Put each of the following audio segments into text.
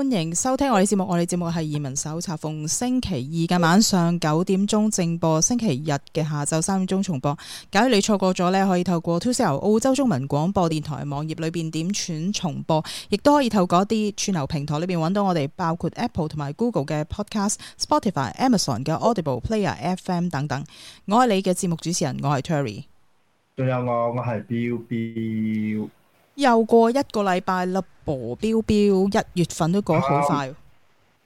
歡迎收聽我哋節目，我哋節目係移民手冊，逢星期二嘅晚上九點鐘正播，星期日嘅下晝三點鐘重播。假如你錯過咗呢，可以透過 To s e l 澳洲中文廣播電台網頁裏邊點選重播，亦都可以透過一啲串流平台裏邊揾到我哋，包括 Apple 同埋 Google 嘅 Podcast、Spotify、Amazon 嘅 Audible Player、FM 等等。我係你嘅節目主持人，我係 Terry。仲有我，我係 Bill Bill。又過一個禮拜啦，磅標標一月份都過好快，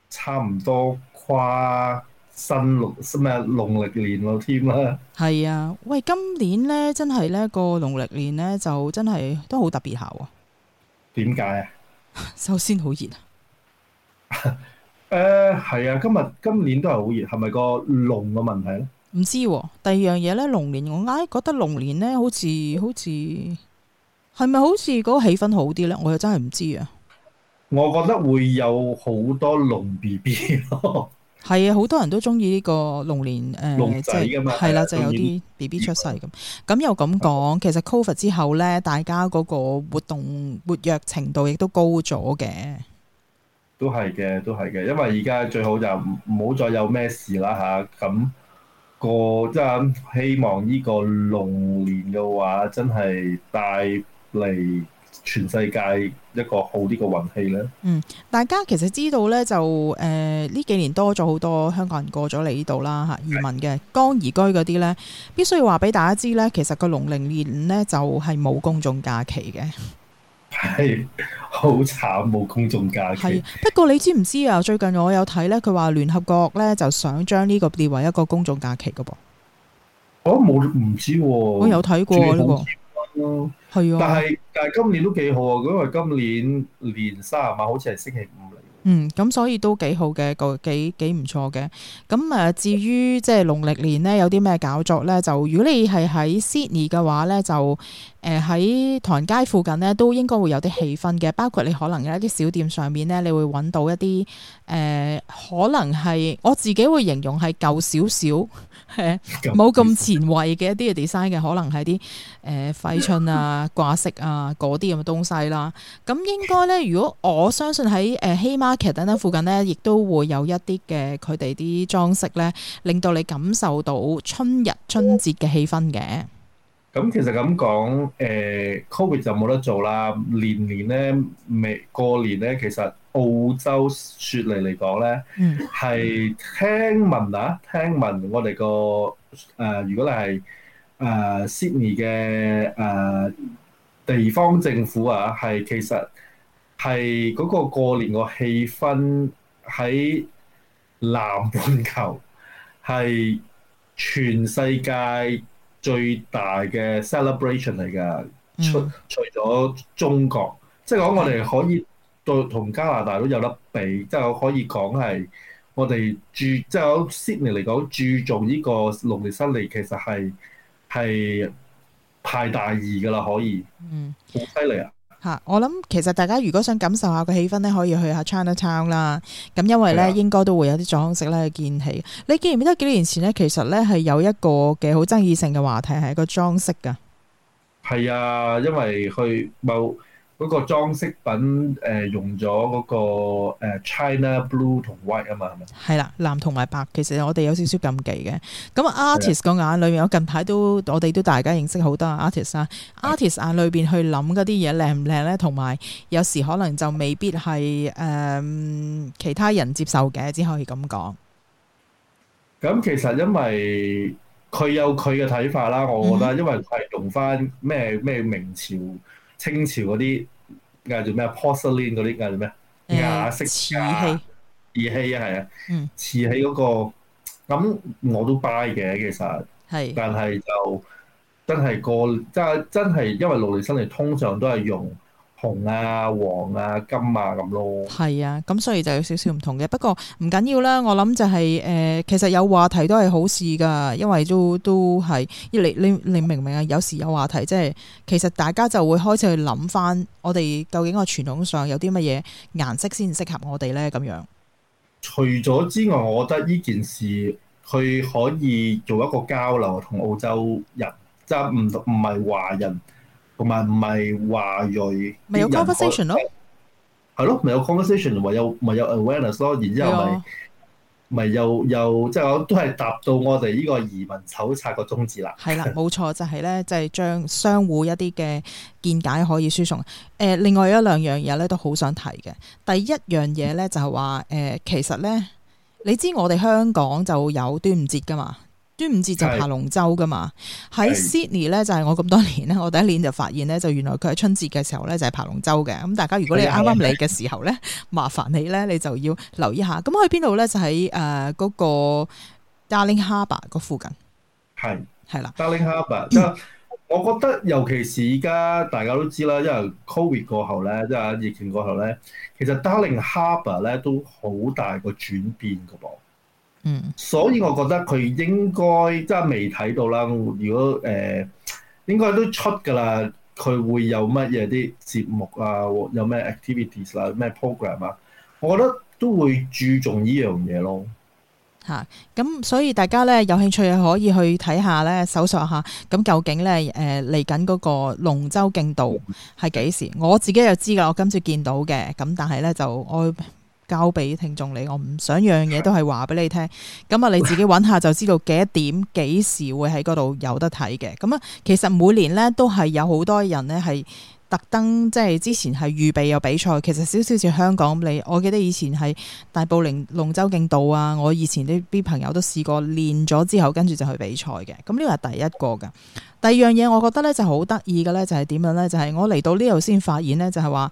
差唔多跨新龍，咩農曆年咯，添啦。係啊，喂，今年呢真係呢個農曆年呢，就真係都好特別下喎。點解 啊？首先好熱啊。誒，係啊，今日今年都係好熱，係咪個龍嘅問題呢？唔知，啊，第二樣嘢呢，龍年我硬係覺得龍年呢好似好似。係咪好似嗰個氣氛好啲呢？我又真係唔知啊！我覺得會有好多龍 B B 咯。係 啊，好多人都中意呢個龍年誒，呃、即係是啦、嗯啊，就是、有啲 B B 出世咁。咁、嗯、又咁講，其實 covid 之後呢，大家嗰個活動活躍程度亦都高咗嘅。都係嘅，都係嘅，因為而家最好就唔好再有咩事啦吓。咁、啊那個真係希望呢個龍年嘅話，真係帶。嚟全世界一個好啲個運氣呢。嗯，大家其實知道呢，就誒呢、呃、幾年多咗好多香港人過咗嚟呢度啦嚇，移民嘅是剛移居嗰啲呢，必須要話俾大家知呢，其實個農曆年呢就係、是、冇公眾假期嘅，係好慘冇公眾假期。係不過你知唔知啊？最近我有睇呢，佢話聯合國呢就想將呢個列為一個公眾假期嘅噃。我都冇唔知喎，我、哦、有睇過呢個。係啊，但係但係今年都幾好啊，因為今年年卅晚好似係星期五嚟。嗯，咁所以都幾好嘅，個幾幾唔錯嘅。咁啊，至於即係農曆年咧，有啲咩搞作咧？就如果你係喺 Sydney 嘅話咧，就誒喺、呃、唐人街附近呢，都應該會有啲氣氛嘅，包括你可能有一啲小店上面呢，你會揾到一啲誒、呃，可能係我自己會形容係舊少少，冇咁前衞嘅一啲嘅 design 嘅，可能係啲誒揮春啊、掛飾啊嗰啲咁嘅東西啦。咁、嗯、應該呢，如果我相信喺誒 Haymarket 等等附近呢，亦都會有一啲嘅佢哋啲裝飾呢，令到你感受到春日春節嘅氣氛嘅。咁其實咁講，誒、呃、COVID 就冇得做啦。年年咧，未過年咧，其實澳洲雪梨嚟講咧，係、嗯、聽聞啊，聽聞我哋個誒、呃，如果你係誒 Sydney 嘅誒地方政府啊，係其實係嗰個過年個氣氛喺南半球係全世界最大嘅 celebration 嚟噶，出除咗中國，即係講我哋可以對同加拿大都有得比，即係可以講係我哋注即係講 Sydney 嚟講注重呢個農曆新年，其實係係派大二噶啦，可以，嗯，好犀利啊！嚇！我諗其實大家如果想感受下個氣氛呢，可以去下 China Town 啦。咁因為呢是的 應該都會有啲裝飾咧去見起。你記唔記得幾年前呢，其實呢係有一個幾好爭議性嘅話題，係一個裝飾㗎。係啊，因為佢冇。嗰個裝飾品誒、呃、用咗嗰、那個、呃、China blue 同 white 啊嘛，係咪？係啦，藍同埋白，其實我哋有少少禁忌嘅。咁 artist 個眼裏面，的我近排都我哋都大家認識好多 artist 啊。artist 的眼裏邊去諗嗰啲嘢靚唔靚咧，同埋有，有時可能就未必係誒、呃、其他人接受嘅，只可以咁講。咁其實因為佢有佢嘅睇法啦，我覺得，嗯、因為佢係用翻咩咩明朝。清朝嗰啲叫做咩啊？Porcelain 嗰啲叫做咩？牙式瓷器，瓷器啊，係啊，瓷器嗰個，咁我都 buy 嘅，其實，的但係就真係過，真真係因為勞力生嚟，通常都係用。紅啊、黃啊、金啊咁咯，係啊，咁所以就有少少唔同嘅，不過唔緊要啦。我諗就係、是、誒、呃，其實有話題都係好事噶，因為都都係，你你你明唔明啊？有時有話題，即係其實大家就會開始去諗翻，我哋究竟個傳統上有啲乜嘢顏色先適合我哋呢？咁樣。除咗之外，我覺得呢件事佢可以做一個交流，同澳洲人即唔唔係華人。同埋唔係華裔，咪有 conversation 咯，係咯、嗯，咪有 conversation，咪有咪有 awareness 咯、就是，然之後咪咪又又即係我都係達到我哋呢個移民手冊個宗旨啦。係啦，冇錯就係咧，就係、是就是、將相互一啲嘅見解可以輸送。誒，另外有一兩樣嘢咧都好想提嘅。第一樣嘢咧就係話誒，其實咧你知我哋香港就有端午節噶嘛。端午節就爬龍舟噶嘛，喺是 在 Sydney 咧就係我咁多年咧，我第一年就發現咧，就原來佢喺春節嘅時候咧就係爬龍舟嘅。咁大家如果剛剛你啱啱嚟嘅時候咧，的麻煩你咧，你就要留意下。咁去邊度咧？就喺誒嗰個 Darling Harbour 嗰附近。係係是啦，Darling Harbour，、嗯、因為我覺得尤其是而家大家都知啦，因為 Covid 過後咧，即係疫情過後咧，其實 Darling Harbour 咧都好大個轉變噶噃。嗯，所以我覺得佢應該即係未睇到啦。如果誒、呃、應該都出㗎啦，佢會有乜嘢啲節目啊，有咩 activities 啊，咩 program 啊，我覺得都會注重呢樣嘢咯。嚇、啊，咁所以大家咧有興趣可以去睇下咧，搜索下。咁究竟咧誒嚟緊嗰個龍舟競渡係幾時？我自己就知㗎，我今次見到嘅。咁但係咧就我。交俾聽眾你，我唔想樣嘢都係話俾你聽，咁啊 你自己揾下就知道幾點幾時會喺嗰度有得睇嘅。咁啊，其實每年呢都係有好多人呢係特登，即係之前係預備有比賽。其實少少似香港，你我記得以前係大埔林龍舟競渡啊。我以前啲啲朋友都試過練咗之後，跟住就去比賽嘅。咁呢個係第一個噶。第二樣嘢，我覺得呢就好得意嘅呢，就係點樣呢？就係我嚟到呢度先發現呢，就係話。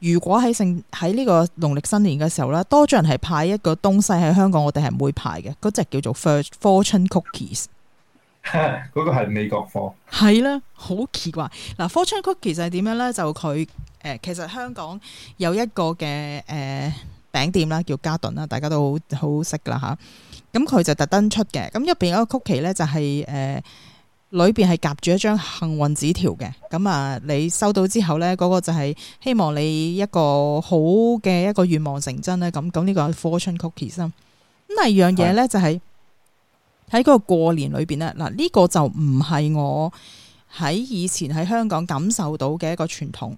如果喺盛喺呢個農曆新年嘅時候啦，多數人係派一個東西喺香港，我哋係唔會派嘅。嗰、那、隻、個、叫做 Fortune Cookies，嗰 個係美國貨。係啦，好奇怪。嗱、啊、Fortune Cookies 係點樣呢？就佢誒、呃，其實香港有一個嘅誒、呃、餅店啦，叫嘉頓啦，大家都好好識噶啦嚇。咁、啊、佢、嗯、就特登出嘅，咁入邊嗰個曲奇呢，就係、是、誒。呃裏邊係夾住一張幸運紙條嘅，咁啊，你收到之後呢，嗰、那個就係希望你一個好嘅一個願望成真咧，咁咁呢個係 fortune cookies。咁第二樣嘢呢，是的 就係喺嗰個過年裏邊咧，嗱、這、呢個就唔係我喺以前喺香港感受到嘅一個傳統，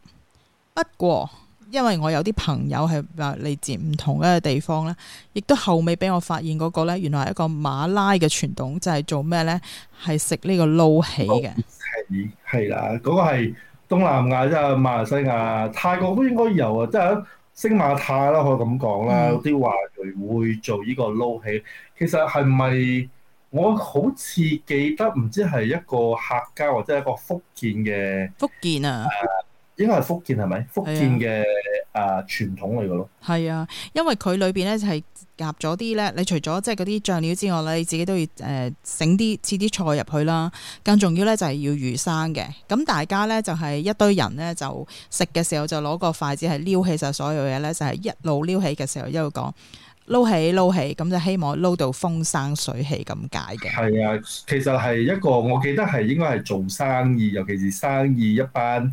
不過。因為我有啲朋友係話嚟自唔同嘅地方咧，亦都後尾俾我發現嗰個咧，原來係一個馬拉嘅傳統，就係做咩咧？係食呢個撈起嘅，係係啦，嗰個係東南亞即係馬來西亞、泰國都應該有啊，即係星馬泰啦，可以咁講啦，有啲華裔會做呢個撈起。其實係咪我好似記得唔知係一個客家或者係一個福建嘅福建啊？應該係福建係咪？福建嘅啊，啊傳統嚟嘅咯。係啊，因為佢裏邊咧就係夾咗啲咧，你除咗即係嗰啲醬料之外，咧你自己都要誒整啲切啲菜入去啦。更重要咧就係要魚生嘅。咁大家咧就係一堆人咧就食嘅時候就攞個筷子係撩起晒所有嘢咧，就係、是、一路撩起嘅時候一路講撈起撈起，咁就希望撈到風生水起咁解嘅。係啊，其實係一個我記得係應該係做生意，尤其是生意一班。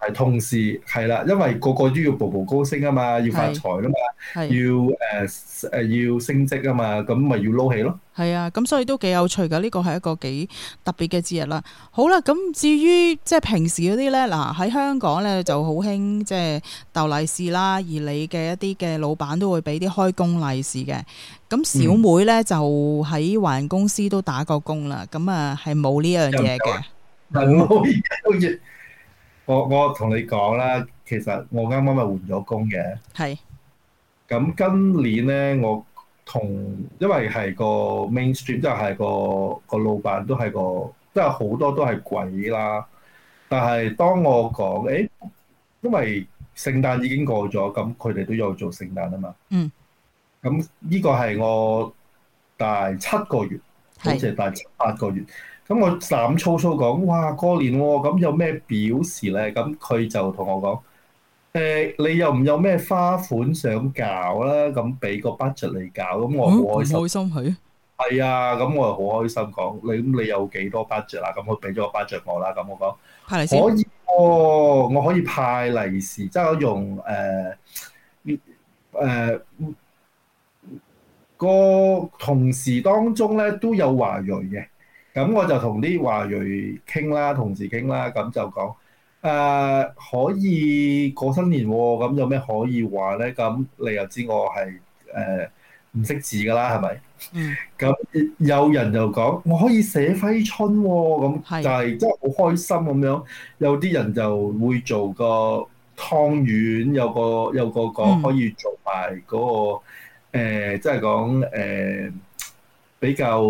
係同事係啦，因為個個都要步步高升啊嘛，要發財啊嘛，要誒誒、uh, 要升職啊嘛，咁咪要撈起咯。係啊，咁所以都幾有趣噶呢個係一個幾特別嘅節日啦。好啦，咁至於即係平時嗰啲咧，嗱、啊、喺香港咧就好興即係逗利是啦，而你嘅一啲嘅老闆都會俾啲開工利是嘅。咁小妹咧、嗯、就喺華人公司都打過工啦，咁啊係冇呢樣嘢嘅，嗯 我我同你講啦，其實我啱啱咪換咗工嘅。係是。咁今年咧，我同因為係個 mainstream，即係個個老闆都係個，即係好多都係鬼啦。但係當我講，誒、欸，因為聖誕已經過咗，咁佢哋都有做聖誕啊嘛。嗯。咁呢個係我大七個月，好似係大八個月。是嗯咁我膽粗粗講，哇過年喎，咁有咩表示咧？咁佢就同我講：，誒、欸、你又唔有咩花款想搞啦，咁俾個 budget 你搞，咁我好開心，嗯、開心係啊，係啊，咁我又好開心講，你咁你有幾多 budget 啊？咁佢俾咗個 budget 我啦，咁我講可以哦，我可以派利是，即係、嗯、用誒誒個同事當中咧都有華裔嘅。咁我就同啲華裔傾啦，同事傾啦，咁就講誒、呃、可以過新年喎、喔，咁有咩可以玩咧？咁你又知我係誒唔識字㗎啦，係咪？嗯。咁有人就講我可以寫揮春喎、喔，咁就係真係好開心咁樣。有啲人就會做個湯圓，有個有個個可以做埋、那、嗰個即係講誒。嗯呃即係比較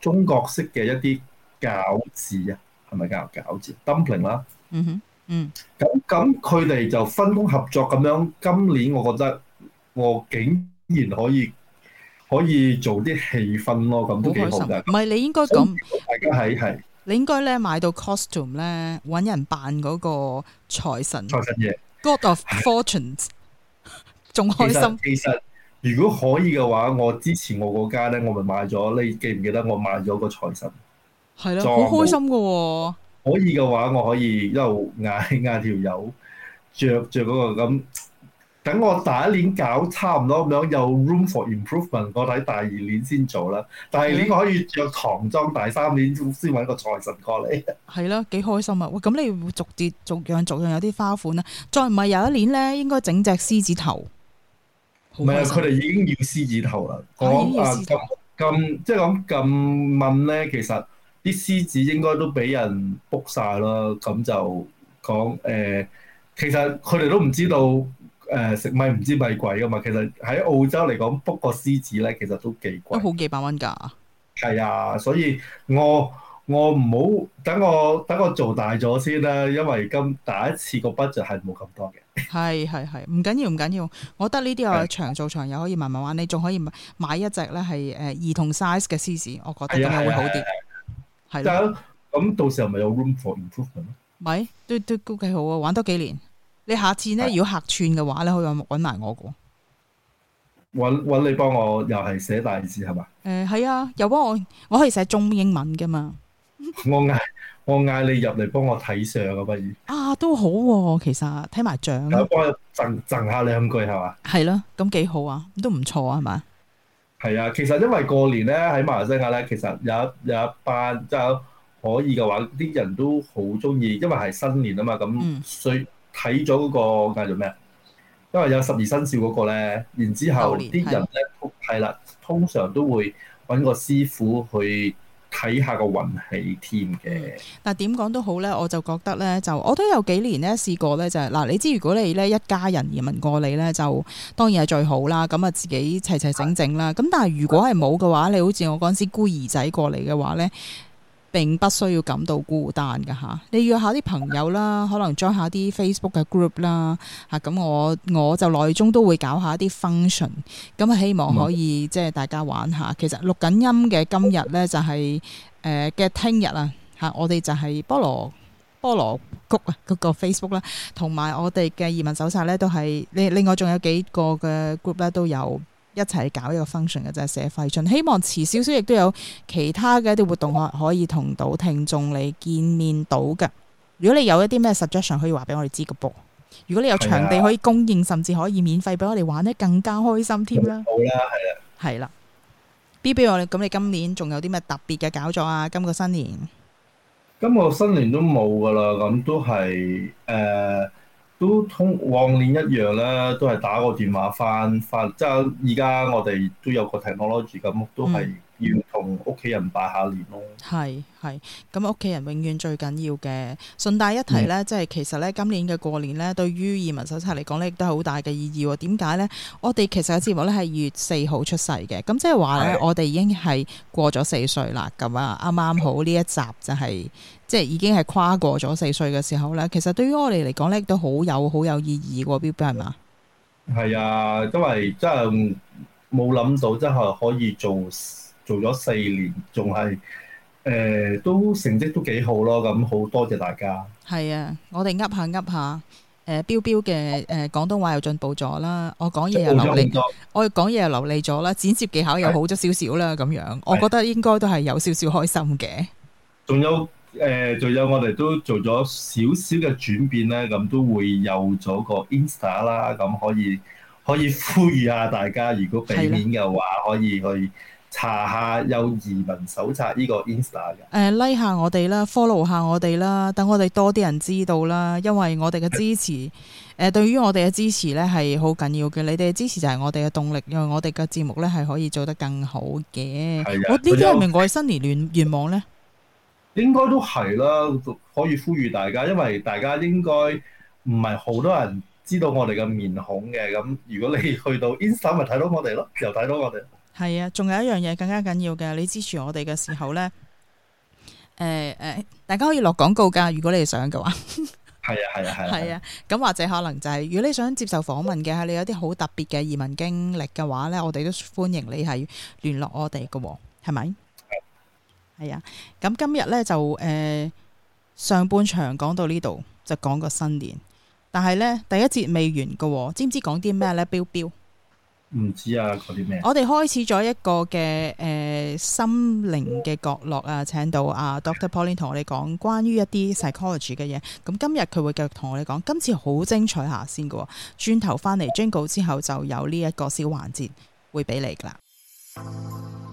中國式嘅一啲餃子啊，係咪叫餃子？dumpling 啦，嗯哼，嗯，咁咁佢哋就分工合作咁樣。今年我覺得我竟然可以可以做啲氣氛咯，咁都幾好嘅。唔係你應該咁，係係係。你應該咧買到 costume，咧，揾人扮嗰個財神。財神爺，God of Fortunes，仲開心。其實，其實如果可以嘅話，我之前我嗰間咧，我咪買咗。你記唔記得我買咗個財神？係咯、啊，好有開心噶、啊。可以嘅話，我可以一路嗌嗌條友，着着嗰個咁。等我第一年搞差唔多咁樣，有 room for improvement，我睇第二年先做啦。第二年我可以着唐裝，第、啊、三年先先揾個財神過嚟。係啦、啊，幾開心啊！喂，咁你會逐節逐樣逐樣有啲花款啊？再唔係有一年咧，應該整隻獅子頭。唔係啊！佢哋是已經要獅子頭啦，講咁即係咁咁問咧，其實啲獅子應該都俾人 book 曬啦，咁就講誒、呃，其實佢哋都唔知道誒、呃、食米唔知米貴㗎嘛，其實喺澳洲嚟講 book 個獅子咧，其實都幾貴，都好幾百蚊㗎，係啊，所以我。我唔好等我等我做大咗先啦、啊，因為今第一次個 budget 就係冇咁多嘅。係係係，唔緊要唔緊要，我覺得呢啲我長做長又可以慢慢玩，你仲可以買一隻咧係誒兒童 size 嘅獅子，我覺得咁樣會好啲。係咯，咁到時候咪有 room for improvement 咯。咪都都幾好啊，玩多幾年，你下次咧是如果客串嘅話你可以揾埋我個。揾揾你幫我又係寫大字係嘛？誒係、欸、啊，又幫我我可以寫中英文噶嘛？我嗌我嗌你入嚟幫我睇相啊，不如啊都好啊，其實睇埋相，有冇幫贈贈下你兩句係嘛？係咯，咁幾好啊，都唔錯係、啊、嘛？係啊，其實因為過年咧喺馬來西亞咧，其實有有一班即可以嘅話，啲人都好中意，因為係新年啊嘛，咁、嗯、所以睇咗嗰個嗌做咩？因為有十二生肖嗰個咧，然之後啲面人咧係啦，的通常都會揾個師傅去。睇下個運氣添嘅。嗱，點講都好呢，我就覺得呢，就我都有幾年呢試過呢。就係嗱，你知如果你呢一家人移民過嚟呢，就當然係最好啦。咁啊自己齊齊整整啦。咁但係如果係冇嘅話，你好似我嗰陣時孤兒仔過嚟嘅話呢。並不需要感到孤單噶嚇，你約下啲朋友啦，可能 join 下啲 Facebook 嘅 group 啦、啊、嚇，咁我我就內中都會搞下啲 function，咁啊希望可以即係、就是、大家玩下。嗯、其實錄緊音嘅今日呢，就係誒嘅聽日啊嚇，我哋就係菠蘿菠蘿谷 book，啊嗰個 Facebook 啦，同埋我哋嘅移民手冊呢，都係另另外仲有幾個嘅 group 咧都有。一齊搞呢個 function 嘅就係，寫揮春，希望遲少少亦都有其他嘅一啲活動可以同到聽眾你見面到嘅。如果你有一啲咩 suggestion，可以話俾我哋知嘅噃。如果你有場地可以供應，的甚至可以免費俾我哋玩咧，更加開心添啦。好啦，係啦，係啦。B B 我哋咁，你今年仲有啲咩特別嘅搞作啊？今個新年，今個新年都冇噶啦，咁都係誒。呃都同往年一樣呢，都係打個電話翻翻，即係而家我哋都有個停託攞住咁，都係。嗯同屋企人拜下年咯，係係咁，屋企人永遠最緊要嘅。順帶一提呢，嗯、即係其實呢，今年嘅過年呢，對於移民手冊嚟講呢，亦都係好大嘅意義。點解呢？我哋其實嘅節目呢係二月四號出世嘅，咁即係話呢，的我哋已經係過咗四歲啦。咁啊，啱啱好呢一集就係、是、即係已經係跨過咗四歲嘅時候呢。其實對於我哋嚟講呢，亦都好有好有意義喎。Bill Bill 係嘛？係啊，因為真係冇諗到，真係可以做。做咗四年，仲係誒，都成績都幾好咯。咁、嗯、好多謝大家。係啊，我哋噏下噏下，誒、呃，Bill Bill 嘅誒、廣、呃、東話又進步咗啦。我講嘢又流利，我講嘢又流利咗啦。剪接技巧又好咗少少啦，咁樣，我覺得應該都係有少少開心嘅。仲、哎、有誒、仲、呃、有我哋都做咗少少嘅轉變咧，咁都會有咗個 Insta 啦，咁可以可以，可以呼籲下大家，如果避免嘅話的可，可以去。查下有移民手冊呢個 Insta 嘅，誒 like 下我哋啦，follow 下我哋啦，等我哋多啲人知道啦，因為我哋嘅支持，誒對於我哋嘅支持咧係好緊要嘅，你哋嘅支持就係我哋嘅動力，因為我哋嘅節目咧係可以做得更好嘅。係啊，呢啲係咪我新年願願望咧？應該都係啦，可以呼籲大家，因為大家應該唔係好多人知道我哋嘅面孔嘅，咁如果你去到 Insta 咪睇到我哋咯，又睇到我哋。 係啊，仲有一樣嘢更加緊要嘅，你支持我哋嘅時候呢，誒、呃、誒、呃，大家可以落廣告噶，如果你想嘅話，係啊係啊係啊，係啊，咁、啊啊、或者可能就係、是、如果你想接受訪問嘅，係你有啲好特別嘅移民經歷嘅話呢，我哋都歡迎你係聯絡我哋噶、哦，係咪？係啊，咁、啊、今日呢，就誒、呃、上半場講到呢度就講個新年，但係呢，第一節未完噶，知唔知講啲咩呢？Bill Bill。嗯唔知啊，嗰啲咩？我哋開始咗一個嘅誒、呃、心靈嘅角落啊，請到阿、啊、Dr. Pauline 同我哋講關於一啲 psychology 嘅嘢。咁、嗯、今日佢會繼續同我哋講，今次好精彩下先嘅、哦。轉頭翻嚟 jingle 之後，就有呢一個小環節會俾你噶啦。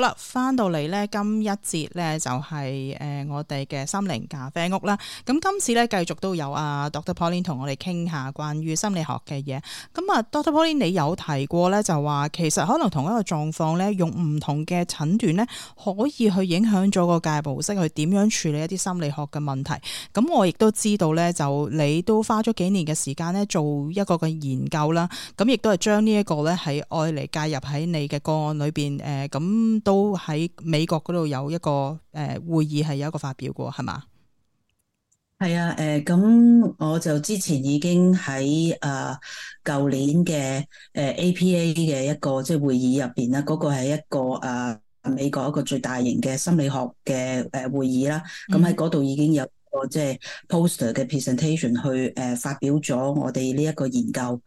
好啦，翻到嚟呢。今一節呢，就係誒我哋嘅心靈咖啡屋啦。咁今次呢，繼續都有阿 Dr. Pauline 同我哋傾下關於心理學嘅嘢。咁啊，Dr. Pauline 你有提過呢，就話其實可能同一個狀況呢，用唔同嘅診斷呢，可以去影響咗個介入模式，去點樣處理一啲心理學嘅問題。咁我亦都知道呢，就你都花咗幾年嘅時間呢，做一個嘅研究啦。咁亦都係將呢一個呢，喺愛嚟介入喺你嘅個案裏邊誒，咁、呃。都喺美國嗰度有一個誒會議係有一個發表過係嘛？係啊，誒咁、呃、我就之前已經喺誒舊年嘅誒 APA 嘅一個即係會議入邊啦，嗰、那個係一個誒、呃、美國一個最大型嘅心理學嘅誒會議啦。咁喺嗰度已經有個即係、就是、poster 嘅 presentation 去誒發表咗我哋呢一個研究。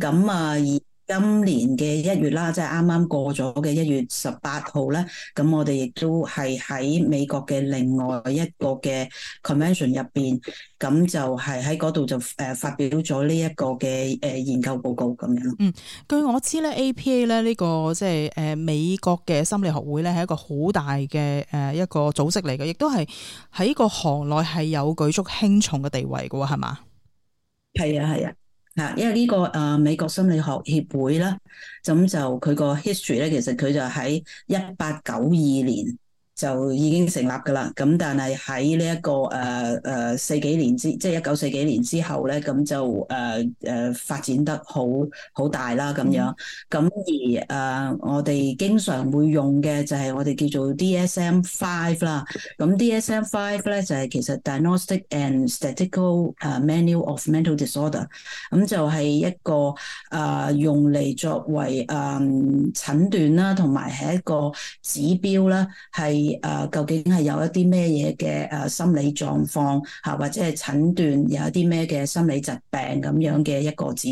咁啊、嗯今年嘅一月啦，即係啱啱過咗嘅一月十八號咧，咁我哋亦都係喺美國嘅另外一個嘅 convention 入邊，咁就係喺嗰度就誒發表咗呢一個嘅誒研究報告咁樣。嗯，據我知咧，APA 咧呢、這個即係誒、呃、美國嘅心理學會咧，係一個好大嘅誒、呃、一個組織嚟嘅，亦都係喺個行內係有舉足輕重嘅地位嘅，係嘛？係啊，係啊。啊，因為呢個誒美國心理學協會啦，咁就佢個 history 咧，其實佢就喺一八九二年，就已經成立㗎啦，咁但係喺呢一個誒誒、呃、四幾年之，即係一九四幾年之後咧，咁就誒誒、呃呃、發展得好好大啦，咁樣。咁、嗯、而誒、呃、我哋經常會用嘅就係我哋叫做 DSM Five 啦，咁 DSM Five 咧就係、是、其實 Diagnostic and Statistical Manual of Mental Disorder，咁就係一個誒、呃、用嚟作為誒、呃、診斷啦，同埋係一個指標啦，係。誒、啊，究竟係有一啲咩嘢嘅誒心理狀況吓，或者係診斷有一啲咩嘅心理疾病咁樣嘅一個字？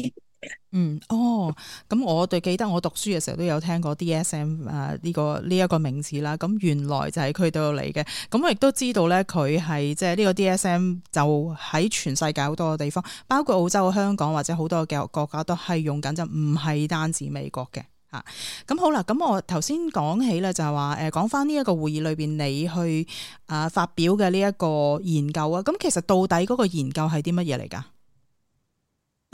嗯，哦，咁我哋記得我讀書嘅時候都有聽過 DSM 啊呢、這個呢一、這個名字啦。咁、啊、原來就係佢度嚟嘅。咁我亦都知道咧，佢係即係呢個 DSM 就喺全世界好多嘅地方，包括澳洲、香港或者好多嘅國家都係用緊，就唔係單指美國嘅。啊，咁好啦，咁我頭先講起咧就係話，誒，講翻呢一個會議裏邊你去啊發表嘅呢一個研究啊，咁其實到底嗰個研究係啲乜嘢嚟噶？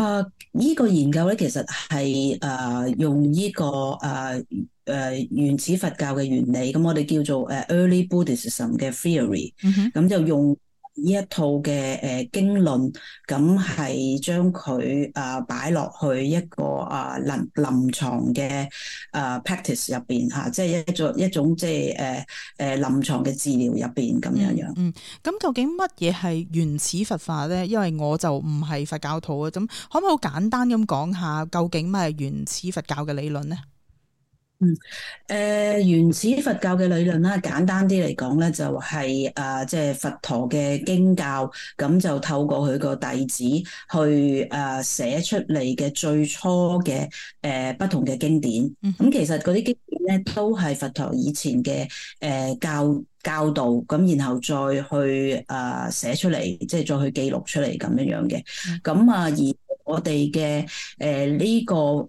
啊，呢個研究咧其實係誒用呢個誒誒原始佛教嘅原理，咁我哋叫做誒 Early Buddhism 嘅 theory，咁就、嗯、哼用。呢一套嘅誒、呃、經論，咁係將佢啊擺落去一個啊臨臨床嘅啊 practice 入邊吓，即係一種一種即係誒誒臨床嘅治療入邊咁樣樣、嗯。嗯，咁、嗯嗯、究竟乜嘢係原始佛法咧？因為我就唔係佛教徒啊，咁可唔可以好簡單咁講下，究竟咩係原始佛教嘅理論咧？嗯，誒、呃，原始佛教嘅理論啦，簡單啲嚟講咧，就係誒，即係佛陀嘅經教，咁就透過佢個弟子去誒寫出嚟嘅最初嘅誒、呃、不同嘅經典，咁、嗯嗯、其實嗰啲經典咧都係佛陀以前嘅誒、呃、教。教導咁，然後再去誒寫出嚟，即係再去記錄出嚟咁樣樣嘅。咁啊、嗯，而我哋嘅誒呢個誒誒、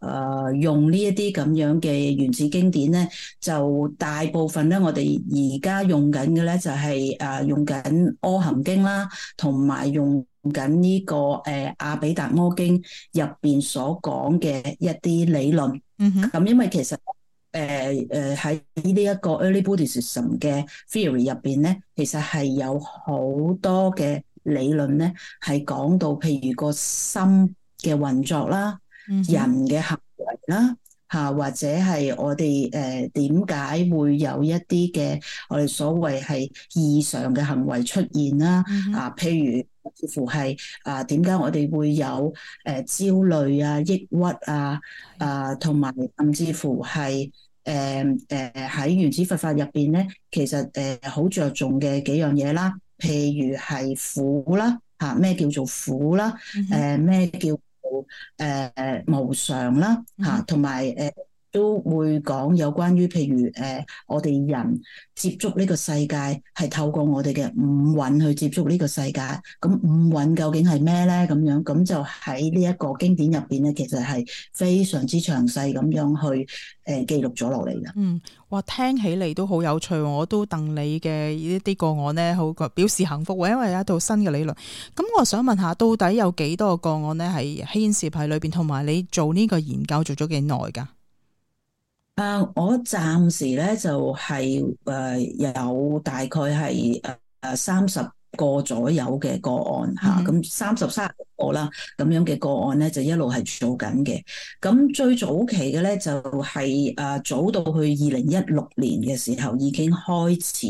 呃、用呢一啲咁樣嘅原始經典咧，就大部分咧，我哋而家用緊嘅咧，就係誒用緊《阿含經》啦，同埋用緊呢個誒《阿比達摩經》入邊所講嘅一啲理論。嗯哼。咁因為其實。誒誒喺呢一個 early Buddhism 嘅 theory 入邊咧，其實係有好多嘅理論咧，係講到譬如個心嘅運作啦，人嘅行為啦。啊，或者係我哋誒點解會有一啲嘅我哋所謂係異常嘅行為出現啦？啊，譬如似乎係啊，點解我哋會有誒焦慮啊、抑鬱啊啊，同埋甚至乎係誒誒喺原始佛法入邊咧，其實誒好着重嘅幾樣嘢啦，譬如係苦啦嚇，咩叫做苦啦？誒咩、mm hmm. 啊、叫？誒、呃，無常啦吓，同埋誒。都會講有關於，譬如誒、呃，我哋人接觸呢個世界係透過我哋嘅五蘊去接觸呢個世界。咁五蘊、嗯、究竟係咩咧？咁樣咁就喺呢一個經典入邊咧，其實係非常之詳細咁樣去誒、呃、記錄咗落嚟噶。嗯，哇，聽起嚟都好有趣。我都戥你嘅呢啲個案咧，好表示幸福。因為有一套新嘅理論。咁我想問下，到底有幾多個個案咧係牽涉喺裏邊？同埋你做呢個研究做咗幾耐噶？啊！Uh, 我暫時咧就係、是、誒、uh, 有大概係誒誒三十。Uh, 個咗右嘅個案吓，咁三十三個啦，咁樣嘅個案咧，就一路係做緊嘅。咁最早期嘅咧，就係、是、誒早到去二零一六年嘅時候，已經開始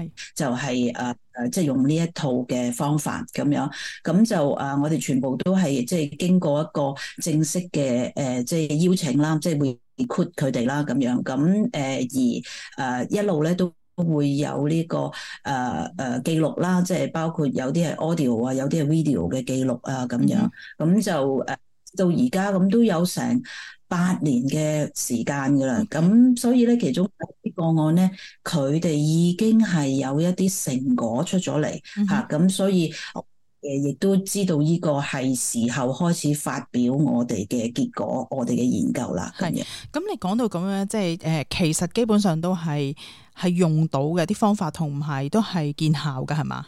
係就係誒誒，即係是、啊就是、用呢一套嘅方法咁樣。咁就誒、啊、我哋全部都係即係經過一個正式嘅誒，即係邀請啦，即係 record 佢哋啦咁樣。咁、啊、誒而誒、啊、一路咧都。都會有呢、這個誒誒、呃呃、記錄啦，即係包括有啲係 audio 啊，有啲係 video 嘅記錄啊，咁樣咁、嗯、哼就誒、呃、到而家咁都有成八年嘅時間噶啦，咁、嗯、哼所以咧其中啲個案咧，佢哋已經係有一啲成果出咗嚟吓，咁、嗯哼啊、所以誒亦都知道呢個係時候開始發表我哋嘅結果，我哋嘅研究啦。係咁，你講到咁樣，即係誒、呃，其實基本上都係。係用到嘅啲方法同唔係都係見效嘅係嘛？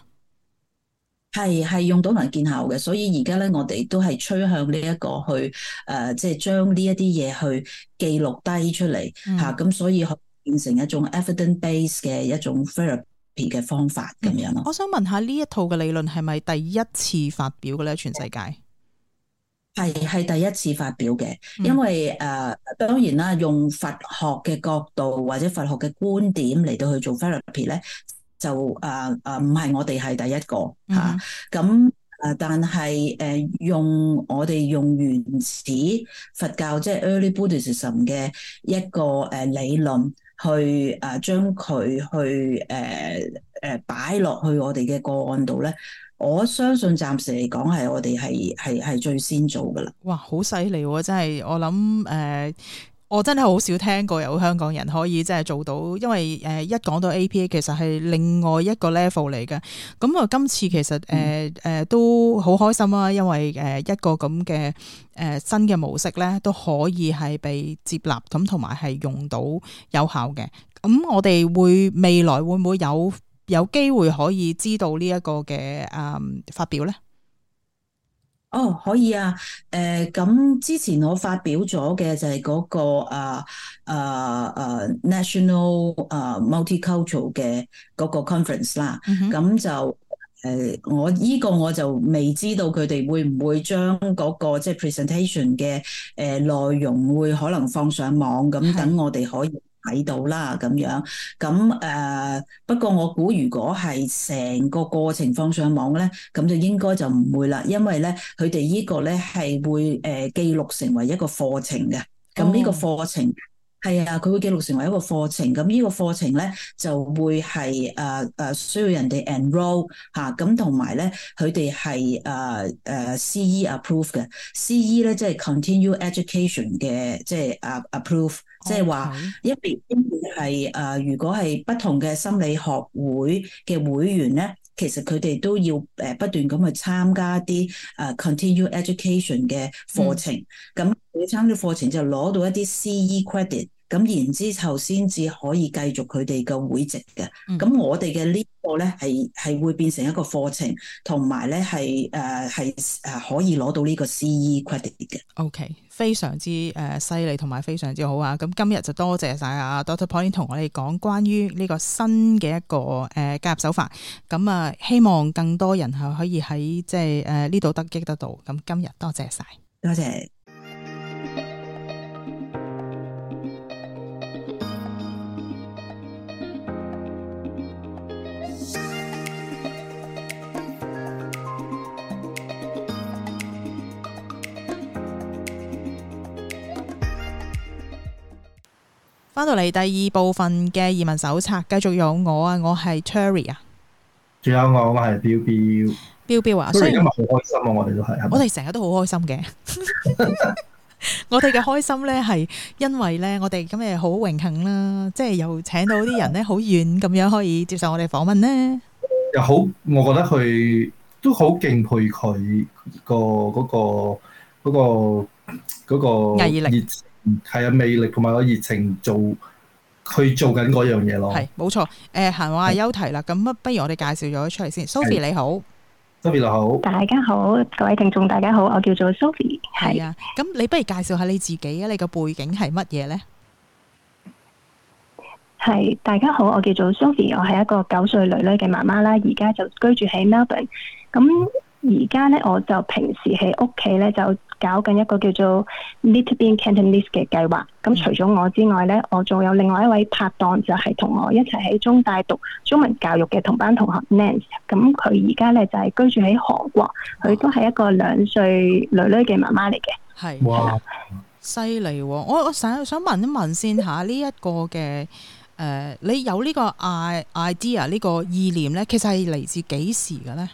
係係用到能見效嘅，所以而家咧我哋都係趨向呢一個去誒、呃，即係將呢一啲嘢去記錄低出嚟吓，咁、嗯啊、所以變成一種 evidence-based 嘅一種 therapy 嘅方法咁樣咯。我想問下呢一套嘅理論係咪第一次發表嘅咧？全世界？嗯係係第一次發表嘅，嗯、因為誒、呃、當然啦，用佛學嘅角度或者佛學嘅觀點嚟到去做 therapy 咧，就誒誒唔係我哋係第一個嚇，咁誒、嗯啊、但係誒、呃呃、用我哋用原始佛教即係、就是、early Buddhism 嘅一個誒理論去誒、呃、將佢去誒誒、呃、擺落去我哋嘅個案度咧。我相信暫時嚟講係我哋係係係最先做㗎喇。哇，好犀利！真係我諗誒、呃，我真係好少聽過有香港人可以真係做到，因為誒、呃、一講到 APA 其實係另外一個 level 嚟嘅。咁啊，我今次其實誒誒、呃呃、都好開心啊，因為誒一個咁嘅誒新嘅模式呢，都可以係被接納咁同埋係用到有效嘅。咁我哋會未來會唔會有？有機會可以知道呢一個嘅啊、嗯、發表咧？哦，oh, 可以啊。誒、呃，咁之前我發表咗嘅就係嗰、那個啊啊啊 national 啊 multicultural 嘅嗰個 conference 啦。咁、mm hmm. 就誒、呃，我依個我就未知道佢哋會唔會將嗰、那個即係、就是、presentation 嘅誒內容會可能放上網，咁等、mm hmm. 我哋可以。睇到啦，咁樣咁誒。Uh, 不過我估，如果係成個過程放上網咧，咁就應該就唔會啦，因為咧佢哋呢個咧係會誒、呃、記錄成為一個課程嘅。咁呢個課程係、oh. 啊，佢會記錄成為一個課程。咁呢個課程咧就會係誒誒需要人哋 enroll 吓、啊，咁同埋咧佢哋係誒誒 CE approve 嘅。CE 咧即係、就是、continue education 嘅，即係啊 approve。即係話，因為 Okay. 因為係、呃、如果係不同嘅心理學會嘅會員咧，其實佢哋都要誒不斷咁去參加一啲誒、呃、continue education 嘅課程。咁你參加啲課程就攞到一啲 CE credit，咁然之後先至可以繼續佢哋嘅會籍嘅。咁、嗯、我哋嘅呢個咧係係會變成一個課程，同埋咧係誒係誒可以攞到呢個 CE credit 嘅。OK。非常之誒犀利，同、呃、埋非常之好啊！咁今日就多謝晒啊 Dr. Pauline 同我哋講關於呢個新嘅一個誒、呃、加入手法，咁、呃、啊希望更多人係可以喺即係誒呢度得益得到。咁今日多謝晒，多謝。翻到嚟第二部分嘅移民手冊，繼續有我啊，我係 Tury 啊，仲有我我係 Bill Bill，Bill Bill 啊，所以今日好開心啊，我哋都係，我哋成日都好開心嘅， 我哋嘅開心咧係因為咧，我哋今日好榮幸啦，即係又請到啲人咧好遠咁樣可以接受我哋訪問咧， 又好，我覺得佢都好敬佩佢、嗰個嗰、嗰個、嗰個、嗰個毅力。那個係有魅力同埋有熱情做佢做緊嗰樣嘢咯。係，冇錯。誒、呃，閒話休提啦。咁啊，不如我哋介紹咗出嚟先。Sophie 你好，Sophie 你好，大家好，各位聽眾大家好，我叫做 Sophie。係啊，咁你不如介紹下你自己啊？你個背景係乜嘢咧？係大家好，我叫做 Sophie，我係一個九歲女女嘅媽媽啦，而家就居住喺 Melbourne。咁而家咧，我就平時喺屋企咧，就搞緊一個叫做 Little Bean Cantonese 嘅計劃。咁、嗯嗯、除咗我之外咧，我仲有另外一位拍檔，就係、是、同我一齊喺中大讀中文教育嘅同班同學 Nance。咁佢而家咧就係、是、居住喺韓國，佢哇都係一個兩歲女女嘅媽媽嚟嘅。係，犀利喎！我我成日想，想問一問先嚇呢一下個嘅誒、呃，你有呢個 I, idea 呢個意念咧，其實係嚟自幾時嘅咧？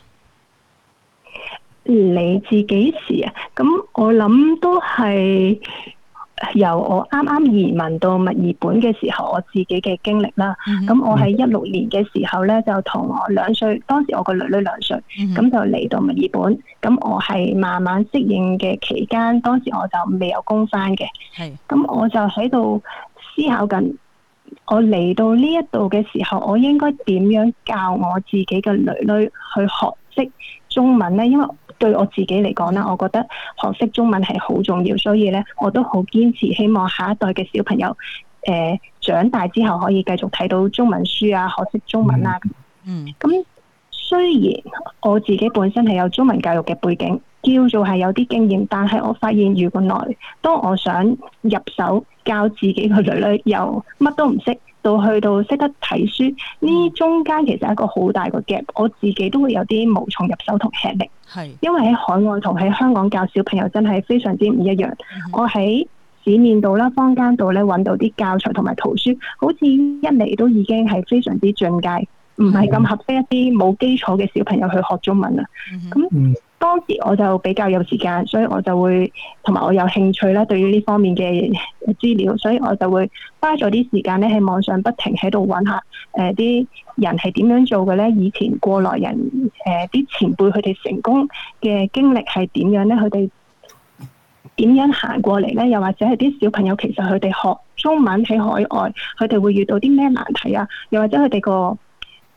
你自己時啊，咁我諗都係由我啱啱移民到墨爾本嘅時候，我自己嘅經歷啦。咁、mm hmm. 我喺一六年嘅時候咧，就同我兩歲，當時我個女女兩歲，咁、mm hmm. 就嚟到墨爾本。咁我係慢慢適應嘅期間，當時我就未有工返嘅。係、mm。咁、hmm. 我就喺度思考緊，我嚟到呢一度嘅時候，我應該點樣教我自己嘅女女去學識中文咧，因為對我自己嚟講啦，我覺得學識中文係好重要，所以咧我都好堅持，希望下一代嘅小朋友，誒、呃、長大之後可以繼續睇到中文書啊，學識中文啊。咁、mm hmm. 雖然我自己本身係有中文教育嘅背景，叫做係有啲經驗，但係我發現原來，當我想入手教自己個女女又乜都唔識。到去到識得睇書，呢中間其實係一個好大個 gap，我自己都會有啲無從入手同吃力，係是因為喺海外同喺香港教小朋友真係非常之唔一樣。的我喺市面度啦、坊間度咧揾到啲教材同埋圖書，好似一嚟都已經係非常之進階，唔係咁合適一啲冇基礎嘅小朋友去學中文啦。咁當時我就比較有時間，所以我就會同埋我有興趣啦，對於呢方面嘅資料，所以我就會花咗啲時間咧喺網上不停喺度揾下，誒、呃、啲人係點樣做嘅咧？以前過來人，誒、呃、啲前輩佢哋成功嘅經歷係點樣咧？佢哋點樣行過嚟咧？又或者係啲小朋友其實佢哋學中文喺海外，佢哋會遇到啲咩難題啊？又或者佢哋個。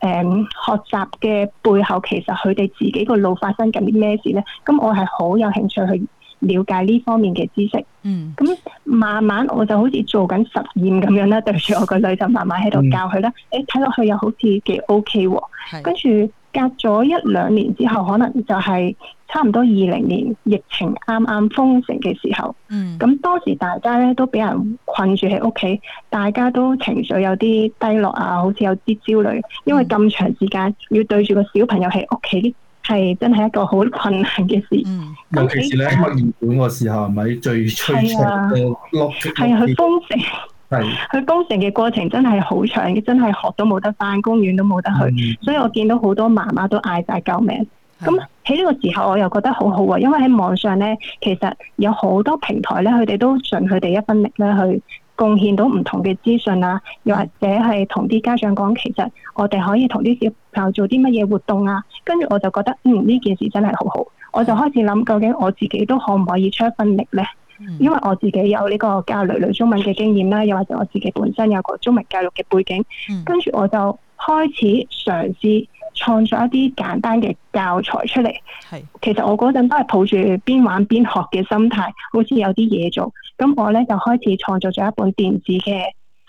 誒、嗯，學習嘅背後，其實佢哋自己個腦發生緊啲咩事咧？咁我係好有興趣去了解呢方面嘅知識。嗯，咁慢慢我就好似做緊實驗咁樣啦，對住我個女就慢慢喺度教佢啦。誒、嗯，睇落、欸、去又好似幾 OK 喎。是跟住隔咗一兩年之後，可能就係、是。差唔多二零年疫情啱啱封城嘅時候，咁當、嗯、時，大家咧都俾人困住喺屋企，大家都情緒有啲低落啊，好似有啲焦慮，因為咁長時間要對住個小朋友喺屋企，係真係一個好困難嘅事。嗯、尤其是咧，托管個時候咪最脆弱，係啊，去、啊、封城，係佢、啊、封城嘅過程真係好長，真係學都冇得翻，公園都冇得去，嗯、所以我見到好多媽媽都嗌晒救命。咁喺呢個時候，我又覺得好好、哦、啊，因為喺網上呢，其實有好多平台呢，佢哋都盡佢哋一分力咧，去貢獻到唔同嘅資訊啊，又或者係同啲家長講，其實我哋可以同啲小朋友做啲乜嘢活動啊。跟住我就覺得，嗯，呢件事真係好好，我就開始諗究竟我自己都可唔可以出一分力呢？嗯、因為我自己有呢個教女女中文嘅經驗啦、啊，又或者我自己本身有個中文教育嘅背景，嗯、跟住我就開始嘗試。創作一啲簡單嘅教材出嚟。係是其實我嗰陣都係抱住邊玩邊學嘅心態，好似有啲嘢做，咁我咧就開始創作咗一本電子嘅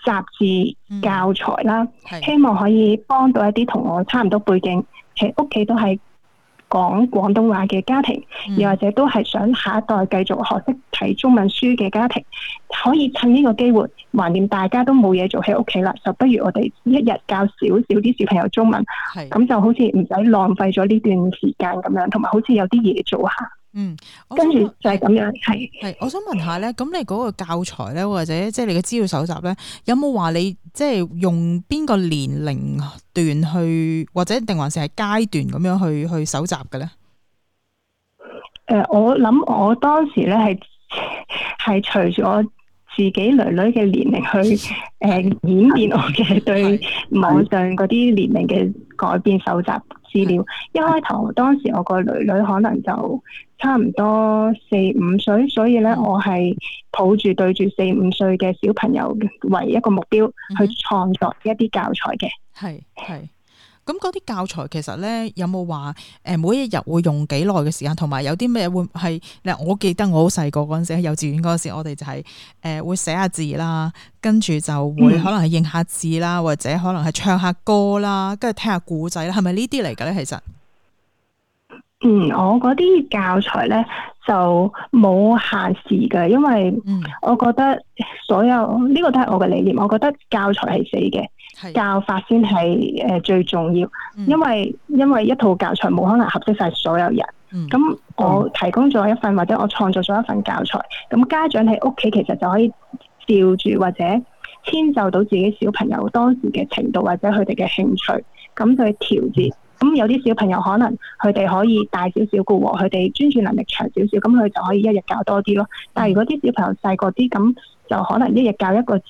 雜誌教材啦，嗯、希望可以幫到一啲同我差唔多背景，喺屋企都係講廣東話嘅家庭，又或者都係想下一代繼續學識。嗯睇中文書嘅家庭，可以趁呢個機會，橫掂大家都冇嘢做喺屋企啦，就不如我哋一日教少少啲小朋友中文，咁，是就好似唔使浪費咗呢段時間咁樣，同埋好似有啲嘢做下。嗯，跟住就係咁樣，係係。我想問下咧，咁你嗰個教材咧，或者即係你嘅資料搜集咧，有冇話你即係用邊個年齡段去，或者定還是係階段咁樣去去搜集嘅咧？誒、呃，我諗我當時咧係。係隨住我自己女女嘅年齡去誒、呃、 演變我嘅對網上嗰啲年齡嘅改變搜集資料。 一開頭 當時我個女女可能就差唔多四五歲，所以咧，我係抱住對住四五歲嘅小朋友為一個目標去創作一啲教材嘅。係係。咁嗰啲教材其實咧有冇話誒每一日會用幾耐嘅時間，同埋有啲咩會係？嗱，我記得我好細個嗰陣時喺幼稚園嗰陣時，我哋就係、係、誒、呃、會寫下字啦，跟住就會可能係認下字啦，或者可能係唱下歌啦，跟住聽下故仔啦，係咪呢啲嚟嘅咧？其實係係，嗯，我嗰啲教材咧就冇限時嘅，因為我覺得所有呢、呢個都係我嘅理念，我覺得教材係死嘅。教法先係誒最重要，嗯、因為因為一套教材冇可能合適晒所有人。咁、嗯、我提供咗一份、嗯、或者我創造咗一份教材，咁家長喺屋企其實就可以照住或者遷就到自己小朋友當時嘅程度或者佢哋嘅興趣，咁去調節。咁、嗯、有啲小朋友可能佢哋可以大少少嘅喎，佢哋專注能力長少少，咁佢就可以一日教多啲咯。但係如果啲小朋友細個啲，咁就可能一日教一個字，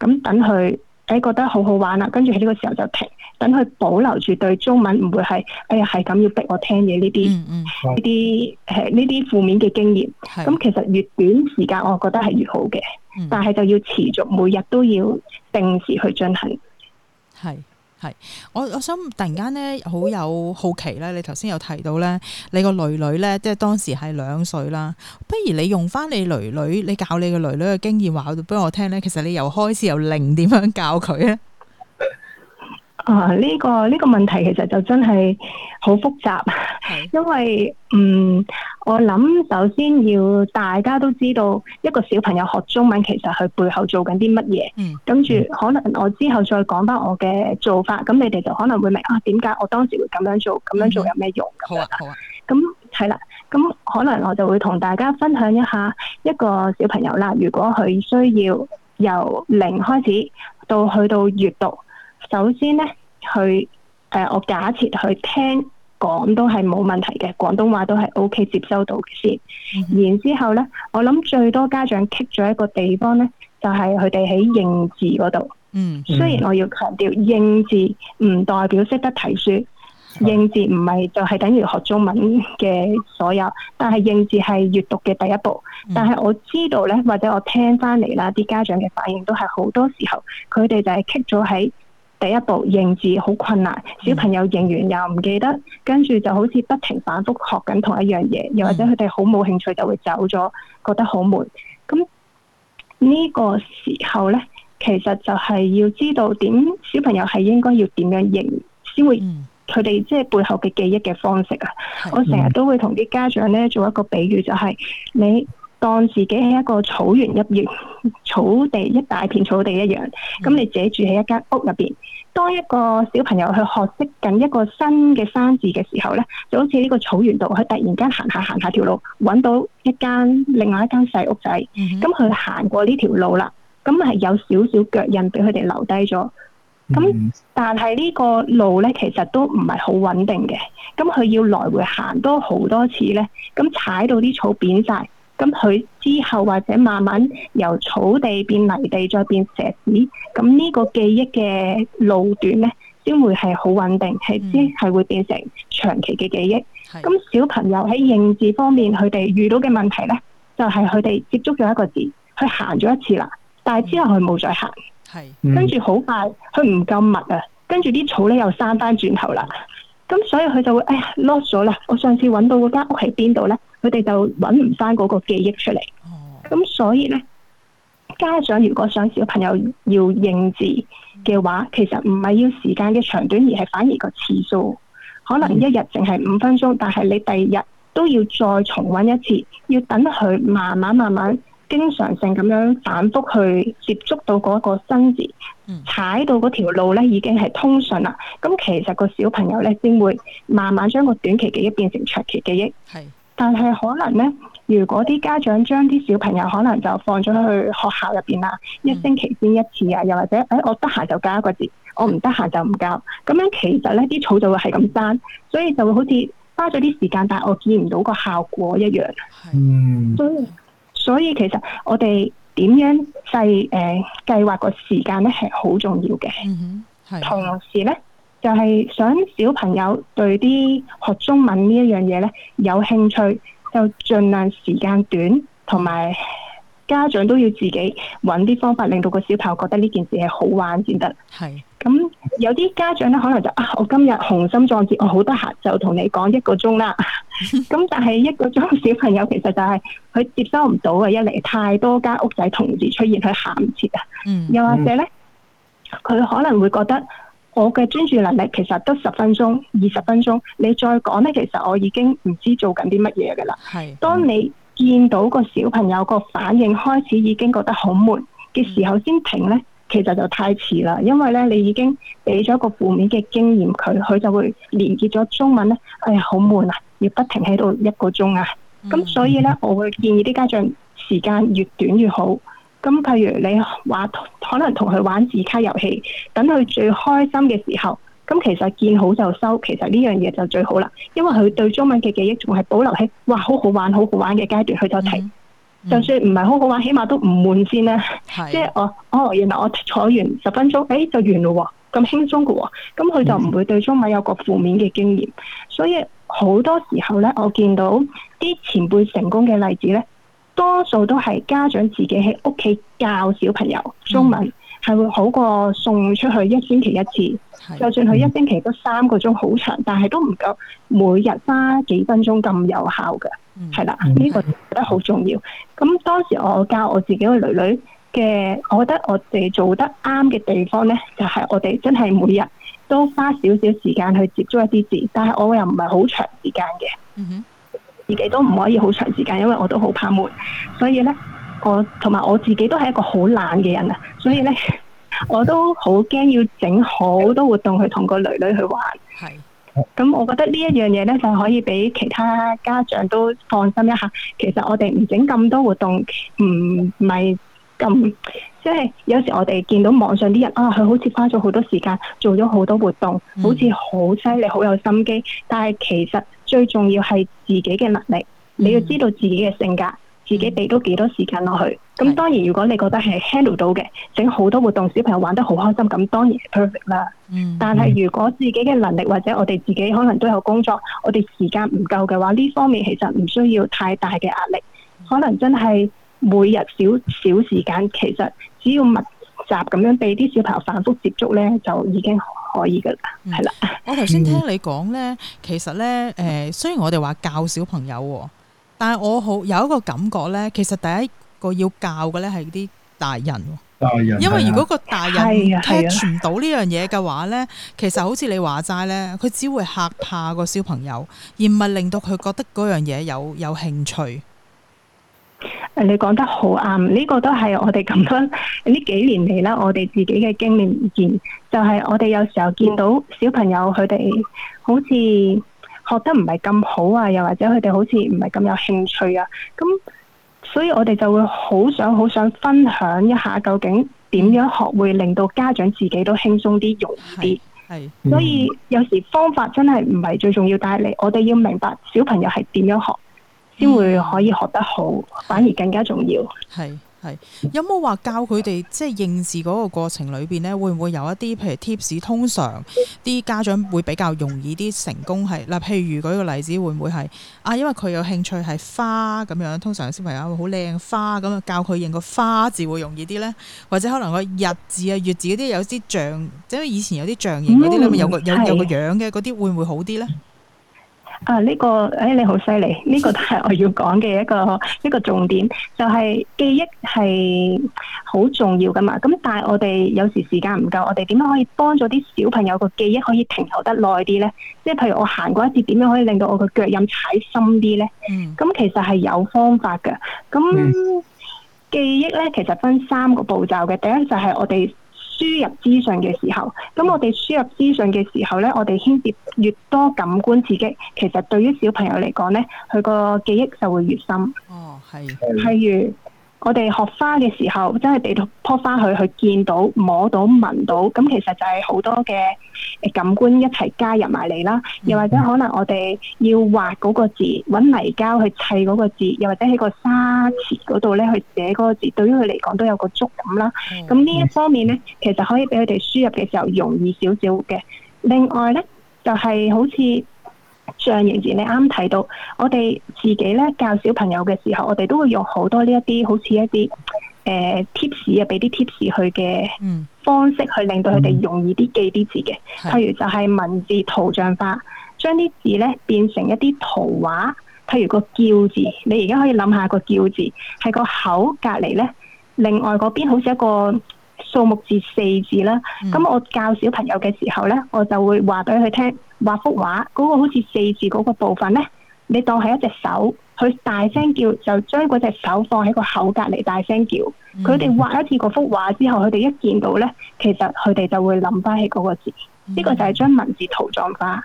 咁等佢。誒、哎，覺得好好玩啦，跟住喺呢個時候就停，等佢保留住對中文唔會係呀，係、哎、咁要逼我聽嘢呢啲，呢啲誒呢啲負面嘅經驗。咁是、嗯嗯、其實越短時間，我覺得係越好嘅，但係就要持續每日都要定時去進行，係。係，我我想突然間咧，好有好奇咧。你頭先有提到咧，你個女女咧，即係當時係兩歲啦。不如你用翻你女女，你教你個女女嘅經驗話到俾我聽咧。其實你由開始由零點樣教佢咧？啊！呢、這個呢、這個問題其實就真係好複雜， 因為嗯，我諗首先要大家都知道一個小朋友學中文其實佢背後做緊啲乜嘢，嗯，跟住可能我之後再講返我嘅做法，咁、嗯、你哋就可能會明啊，點解我當時會咁樣做，咁樣做有咩用咁、嗯、啊？好啊，咁係啦，咁、嗯、可能我就會同大家分享一下一個小朋友啦，如果佢需要由零開始到去到閱讀。首先咧，去誒、呃，我假設去聽講都係冇問題嘅，廣東話都係 OK 接收到嘅先。Mm hmm. 然之後咧，我諗最多家長棘咗一個地方咧，就係佢哋喺認字嗰度。嗯、mm，hmm. 雖然我要強調，認字唔代表識得睇書，mm hmm. 認字唔係就係等於學中文嘅所有，但係認字係閱讀嘅第一步。Mm hmm. 但係我知道咧，或者我聽翻嚟啦，啲家長嘅反應都係好多時候，佢哋就係棘咗喺。第一步認字好困難，小朋友認完又唔記得，跟住、嗯、就好似不停反覆學緊同一樣嘢，又或者佢哋好冇興趣就會走咗，覺得好悶。咁呢個時候呢，其實就係要知道點小朋友係應該要點樣認，先會佢哋、嗯、即係背後嘅記憶嘅方式啊。嗯、我成日都會同啲家長呢做一個比喻，就係、是、你當自己喺一個草原入面，草地一大片草地一樣，咁你自己住喺一間屋入邊。當一個小朋友去學識緊一個新嘅生字嘅時候呢，就好似呢個草原度，佢突然間行下行下條路，揾到一間另外一間細屋仔，咁佢行過呢條路啦，咁係有少少腳印俾佢哋留低咗。咁但係呢個路呢，其實都唔係好穩定嘅，咁佢要來回行多好多次呢，咁踩到啲草扁晒，咁佢之後或者慢慢由草地變泥地再變石屎。咁呢個記憶嘅路段呢，先會係好穩定，係先係會變成長期嘅記憶。咁、嗯、小朋友喺認字方面，佢哋遇到嘅問題呢，就係佢哋接觸咗一個字，佢行咗一次啦，但係之後佢冇再行、嗯，跟住好快佢唔夠密啊，跟住啲草呢又生翻轉頭啦，咁所以佢就會哎呀 lost 咗啦，我上次揾到嗰間屋喺邊度呢？。佢哋就揾唔翻嗰個記憶出嚟，咁、哦、所以呢，家長如果想小朋友要認字嘅話，嗯、其實唔係要時間嘅長短，而係反而個次數，可能一日淨係五分鐘，但係你第二日都要再重揾一次，要等佢慢慢慢慢經常性咁樣反覆去接觸到嗰個新字，踩、嗯、到嗰條路呢，已經係通順啦。咁、嗯嗯、其實個小朋友呢，先會慢慢將個短期記憶變成長期記憶。但係可能咧，如果啲家長將啲小朋友可能就放咗去學校入邊啦，一星期先一次啊，又或者，哎，我得閒就教一個字，我唔得閒就唔教，咁樣其實咧啲草就會係咁生，所以就會好似花咗啲時間，但係我見唔到個效果一樣。嗯的，所以所以其實我哋點樣計誒計劃個時間咧係好重要嘅。嗯、同時咧。就係想小朋友對啲學中文呢一樣嘢呢，有興趣，就盡量時間短，同埋家長都要自己揾啲方法，令到個小朋友覺得呢件事係好玩先得。係咁是，有啲家長呢，可能就啊，我今日雄心壯志，我好得閒，就同你講一個鐘啦。咁 但係一個鐘，小朋友其實就係、是、佢接收唔到嘅。一嚟太多間屋仔同時出現，佢行唔切啊。嗯、又或者呢，佢可能會覺得。我嘅專注能力其實得十分鐘、二十分鐘，你再講呢，其實我已經唔知做緊啲乜嘢㗎喇。係，當你見到個小朋友個反應開始已經覺得好悶嘅時候，先停呢，其實就太遲啦。因為呢，你已經俾咗個負面嘅經驗佢，佢就會連結咗中文呢。哎呀，好悶啊！要不停喺度一個鐘啊！咁、嗯、所以呢，我會建議啲家長時間越短越好。咁譬如你話。可能同佢玩字卡遊戲，等佢最開心嘅時候，咁其實見好就收，其實呢樣嘢就最好啦。因為佢對中文嘅記憶仲係保留喺，哇，好好玩，好好玩嘅階段，佢就停。嗯嗯、就算唔係好好玩，起碼都唔悶先啦。即係我，哦，原來我坐完十分鐘，誒、哎，就完咯，咁輕鬆嘅，咁佢就唔會對中文有個負面嘅經驗。嗯、所以好多時候呢，我見到啲前輩成功嘅例子呢，多數都係家長自己喺屋企教小朋友中文，係、嗯、會好過送出去一星期一次。的就算佢一星期得三個鐘好長，但係都唔夠每日花幾分鐘咁有效嘅。係啦、嗯、呢、這個覺得好重要。咁當時我教我自己個女女嘅，我覺得我哋做得啱嘅地方呢，就係、是、我哋真係每日都花少少時間去接觸一啲字，但係我又唔係好長時間嘅。嗯自己都唔可以好長時間，因為我都好怕悶，所以咧，我同埋我自己都係一個好懶嘅人啊，所以咧，我都好驚要整好多活動去同個女女去玩。係是，咁、嗯、我覺得呢一樣嘢咧，就可以俾其他家長都放心一下。其實我哋唔整咁多活動，唔係咁，即係、就是、有時我哋見到網上啲人啊，佢好似花咗好多時間做咗好多活動，好似好犀利、好有心機，但係其實。最重要係自己嘅能力，你要知道自己嘅性格，嗯、自己俾到幾多時間落去。咁、嗯、當然，如果你覺得係 handle 到嘅，整好的多活動，小朋友玩得好開心，咁當然係 perfect 啦。嗯、但係如果自己嘅能力或者我哋自己可能都有工作，我哋時間唔夠嘅話，呢方面其實唔需要太大嘅壓力。可能真係每日少少時間，其實只要物。集咁樣俾啲小朋友反覆接觸咧，就已經可以噶啦，係啦。我頭先聽你講咧，其實咧，誒，雖然我哋話教小朋友，但係我好有一個感覺咧，其實第一個要教嘅咧係啲大人。大人，因為如果個大人 catch 唔到呢樣嘢嘅話咧，啊啊、其實好似你話齋咧，佢只會嚇怕個小朋友，而唔係令到佢覺得嗰樣嘢有有興趣。誒，你講得好啱，呢個都係我哋咁多呢幾年嚟啦，我哋自己嘅經驗意見，就係、是、我哋有時候見到小朋友佢哋、嗯、好似學得唔係咁好啊，又或者佢哋好似唔係咁有興趣啊，咁所以我哋就會好想好想分享一下究竟點樣學會令到家長自己都輕鬆啲、容易啲。係，所以有時方法真係唔係最重要，但係你我哋要明白小朋友係點樣學。先會可以學得好，反而更加重要。係係有冇話教佢哋即係認字嗰個過程裏邊呢，會唔會有一啲譬如 tips？通常啲家長會比較容易啲成功係嗱，譬如舉個例子會唔會係啊？因為佢有興趣係花咁樣，通常小朋友會好靚花咁樣，教佢認個花字會容易啲呢？或者可能個日字啊、月字嗰啲有啲像，即係以前有啲象形嗰啲咧，有個有有個樣嘅嗰啲，的會唔會好啲呢？啊！呢、這個誒、欸，你好犀利，呢個都係我要講嘅一個一個重點，就係、是、記憶係好重要噶嘛。咁但係我哋有時時間唔夠，我哋點樣可以幫助啲小朋友個記憶可以停留得耐啲呢？即係譬如我行過一次，點樣可以令到我個腳印踩深啲呢？咁、嗯、其實係有方法噶。咁、嗯、記憶呢，其實分三個步驟嘅。第一就係我哋。輸入資訊嘅時候，咁我哋輸入資訊嘅時候呢，我哋牽涉越多感官刺激，其實對於小朋友嚟講呢，佢個記憶就會越深。哦，係。譬如，我哋學花嘅時候，真係地度撲花去，去見到、摸到、聞到，咁其實就係好多嘅感官一齊加入埋嚟啦。又或者可能我哋要畫嗰個字，搵泥膠去砌嗰個字，又或者喺個沙池嗰度咧去寫嗰個字，對於佢嚟講都有個觸感啦。咁呢、嗯嗯、一方面咧，其實可以俾佢哋輸入嘅時候容易少少嘅。另外咧，就係、是、好似。象形字，你啱提到我哋自己咧教小朋友嘅時候，我哋都會用好多呢一啲好似一啲誒貼士啊，俾啲貼士去嘅方式去令到佢哋容易啲記啲字嘅。譬、嗯、如就係文字圖像化，將啲字咧變成一啲圖畫。譬如個叫字，你而家可以諗下個叫字係個口隔籬咧，另外嗰邊好似一個數目字四字啦。咁、嗯、我教小朋友嘅時候咧，我就會話俾佢聽。畫幅畫，嗰、那個好似四字嗰個部分呢，你當係一隻手，佢大聲叫，就將嗰隻手放喺個口隔籬大聲叫。佢哋畫一次嗰幅畫之後，佢哋一見到呢，其實佢哋就會諗翻起嗰個字。呢、嗯、個就係將文字圖狀化，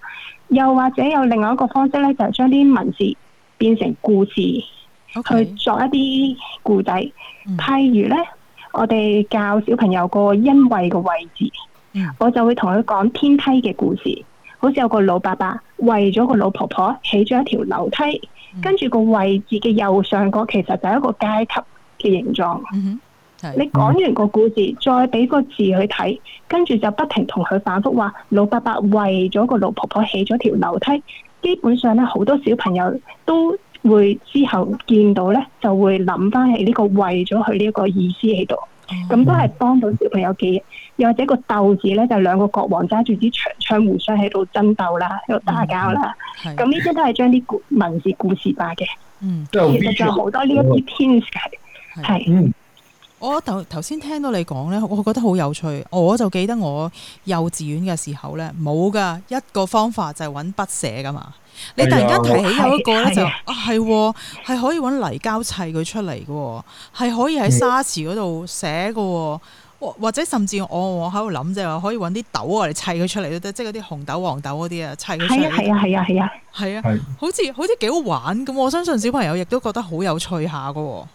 又或者有另外一個方式呢，就係將啲文字變成故事，Okay. 去作一啲故仔。譬如呢，我哋教小朋友個因為嘅位置，嗯、我就會同佢講天梯嘅故事。好似有個老伯伯為咗個老婆婆起咗一條樓梯，跟住個位置嘅右上角其實就係一個階級嘅形狀。Mm hmm. 你講完個故事，再俾個字去睇，跟住就不停同佢反覆話：老伯伯為咗個老婆婆起咗條樓梯。基本上咧，好多小朋友都會之後見到咧，就會諗翻起呢個為咗佢呢個意思喺度。咁、哦、都係幫到小朋友記憶，又或者個鬥字咧，就兩、是、個國王揸住支長槍，長互相喺度爭鬥啦，喺度、嗯、打交擾啦。咁呢啲都係將啲文字故事化嘅。嗯，其實仲有好多呢一啲 insight 我頭頭先聽到你講咧，我覺得好有趣。我就記得我幼稚園嘅時候咧，冇㗎。一個方法就係揾筆寫㗎嘛。你突然間提起有一個咧，就啊係，係、啊啊、可以揾泥膠砌佢出嚟嘅，係可以喺沙池嗰度寫嘅，或或者甚至我我喺度諗啫，可以揾啲豆啊嚟砌佢出嚟都得，即係嗰啲紅豆黃豆嗰啲啊砌。係係啊係啊係啊係啊，好似好似幾好玩咁。我相信小朋友亦都覺得好有趣下嘅。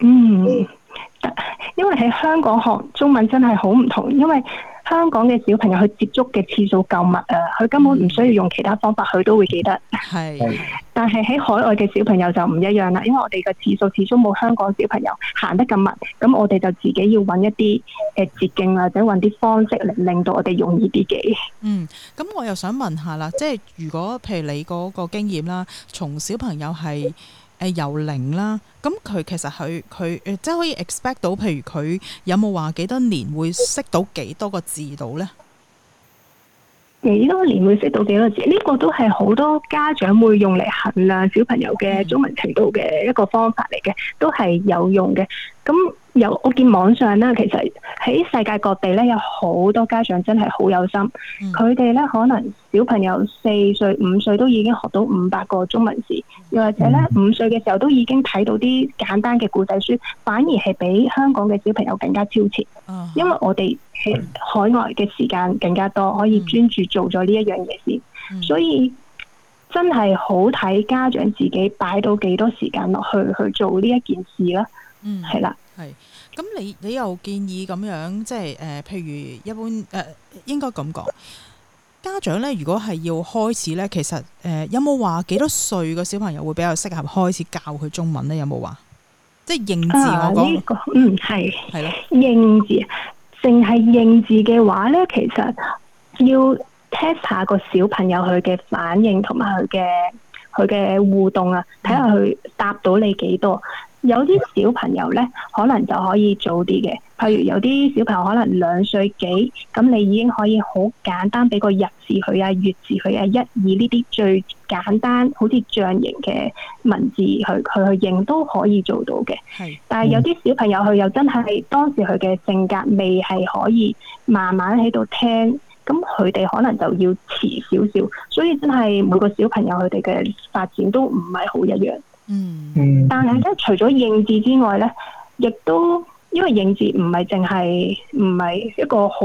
嗯，因為喺香港學中文真係好唔同，因為香港嘅小朋友佢接觸嘅次數夠密啊，佢根本唔需要用其他方法，佢都會記得。係是，但係喺海外嘅小朋友就唔一樣啦，因為我哋嘅次數始終冇香港小朋友行得咁密，咁我哋就自己要揾一啲捷徑，或者揾啲方式嚟，令到我哋容易啲記。嗯，咁我又想問下啦，即係如果譬如你嗰個經驗啦，從小朋友係。誒、呃、由零啦，咁佢其實佢佢即係可以 expect 到，譬如佢有冇話幾多年會識到幾多個字到呢？幾多年會識到幾多字？呢、呢個都係好多家長會用嚟衡量小朋友嘅中文程度嘅一個方法嚟嘅，都係有用嘅。咁有我見網上咧，其實喺世界各地咧，有好多家長真係好有心。佢哋咧可能小朋友四歲、五歲都已經學到五百個中文字，又或者咧五歲嘅時候都已經睇到啲簡單嘅故仔書，反而係比香港嘅小朋友更加超前。啊、因為我哋喺海外嘅時間更加多，可以專注做咗呢一樣嘢先。嗯、所以真係好睇家長自己擺到幾多時間落去去做呢一件事啦。嗯，係啦的，係、嗯。咁你你又建議咁樣，即係誒，譬如一般誒、呃，應該咁講。家長咧，如果係要開始咧，其實誒，有冇話幾多歲個小朋友會比較適合開始教佢中文咧？有冇話即係認字？我講嗯，係係咯，認字，淨係認字嘅話咧，其實要 test 下個小朋友佢嘅反應同埋佢嘅佢嘅互動啊，睇下佢答到你幾多。嗯。有啲小朋友咧，可能就可以早啲嘅。譬如有啲小朋友可能兩歲幾，咁你已經可以好簡單俾個日字佢啊、月字佢啊、一二呢啲最簡單好似象形嘅文字去去去認都可以做到嘅。係是，但係有啲小朋友佢又真係當時佢嘅性格未係可以慢慢喺度聽，咁佢哋可能就要遲少少。所以真係每個小朋友佢哋嘅發展都唔係好一樣。嗯，嗯但係咧，除咗認字之外咧，亦都因為認字唔係淨係唔係一個好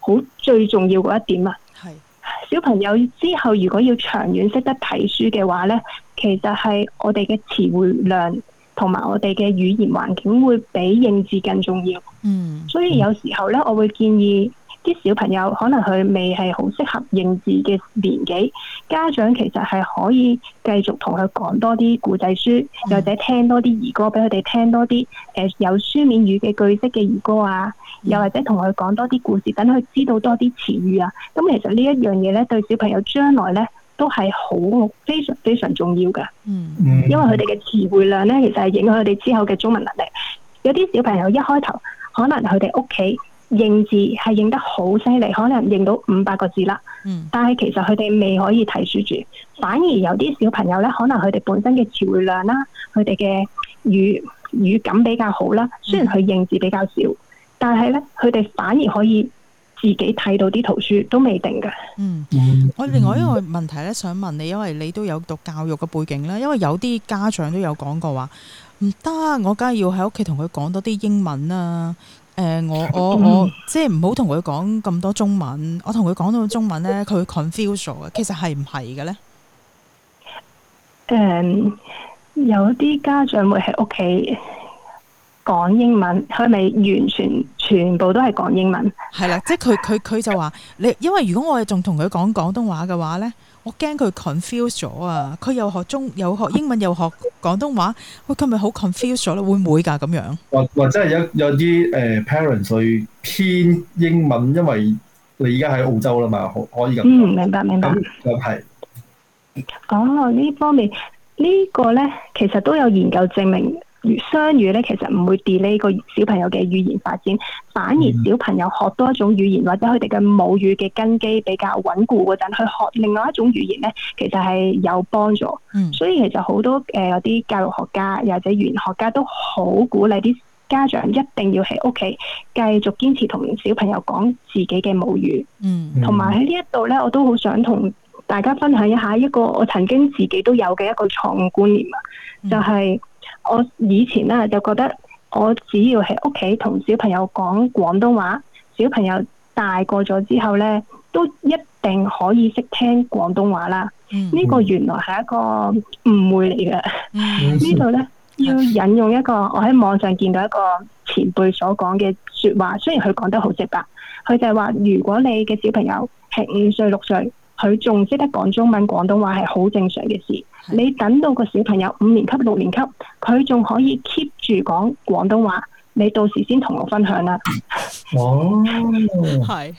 好最重要嗰一點啊。係是小朋友之後如果要長遠識得睇書嘅話咧，其實係我哋嘅詞彙量同埋我哋嘅語言環境會比認字更重要。嗯，嗯所以有時候咧，我會建議。啲小朋友可能佢未係好適合認字嘅年紀，家長其實係可以繼續同佢講多啲古仔書，又或者聽多啲兒歌俾佢哋聽多啲，誒有書面語嘅句式嘅兒歌啊，又或者同佢講多啲故事，等佢知道多啲詞語啊。咁其實呢一樣嘢咧，對小朋友將來咧都係好非常非常重要嘅。嗯，嗯因為佢哋嘅詞彙量咧，其實係影響佢哋之後嘅中文能力。有啲小朋友一開頭可能佢哋屋企。認字係認得好犀利，可能認到五百個字啦。嗯，但係其實佢哋未可以睇書住，反而有啲小朋友呢，可能佢哋本身嘅詞彙量啦，佢哋嘅語語感比較好啦。雖然佢認字比較少，嗯，但係呢，佢哋反而可以自己睇到啲圖書，都未定嘅。嗯，我另外一個問題呢，想問你，因為你都有讀教育嘅背景啦，因為有啲家長都有講過話，唔得，我梗係要喺屋企同佢講多啲英文啊。誒、呃、我我我即係唔好同佢講咁多中文，我同佢講到中文咧，佢 confused 咗啊！其實係唔係嘅咧？誒、嗯，有啲家長會喺屋企講英文，佢咪完全全部都係講英文？係啦，即係佢佢佢就話你，因為如果我哋仲同佢講廣東話嘅話咧，我驚佢 confuse 咗啊！佢又學中，又學英文，又學廣東話，喂，佢咪好 confuse 咗咯？會唔會噶咁樣？或或者係有有啲誒、呃、，parents 去偏英文，因為你而家喺澳洲啦嘛，可以咁講。嗯，明白明白。咁又係。哦，呢方面、這個、呢個咧，其實都有研究證明。雙語咧，其實唔會 delay 個小朋友嘅語言發展，反而小朋友學多一種語言，或者佢哋嘅母語嘅根基比較穩固嗰陣，去學另外一種語言咧，其實係有幫助。嗯，所以其實好多呃，有啲教育學家又或者語言學家都好鼓勵啲家長一定要喺屋企繼續堅持同小朋友講自己嘅母語。嗯，同埋喺呢一度咧，我都好想同大家分享一下一個我曾經自己都有嘅一個錯誤觀念啊，就係。我以前咧就覺得，我只要喺屋企同小朋友講廣東話，小朋友大個咗之後咧，都一定可以識聽廣東話啦。呢、嗯、個原來係一個誤會嚟嘅。嗯、 呢度咧要引用一個我喺網上見到一個前輩所講嘅説話，雖然佢講得好直白，佢就係話：如果你嘅小朋友係五歲六歲，佢仲識得講中文廣東話係好正常嘅事。你等到個小朋友五年級、六年級，佢仲可以 keep 住講廣東話，你到時先同我分享啦。哦，係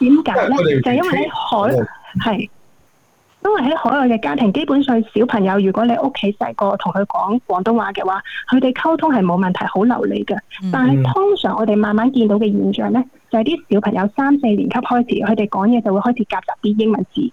點解呢？ 就因為喺海，係 因為喺海外嘅家庭，基本上小朋友，如果你屋企細個同佢講廣東話嘅話，佢哋溝通係冇問題，好流利嘅。嗯、但係通常我哋慢慢見到嘅現象呢，就係、是、啲小朋友三四年級開始，佢哋講嘢就會開始夾雜啲英文字。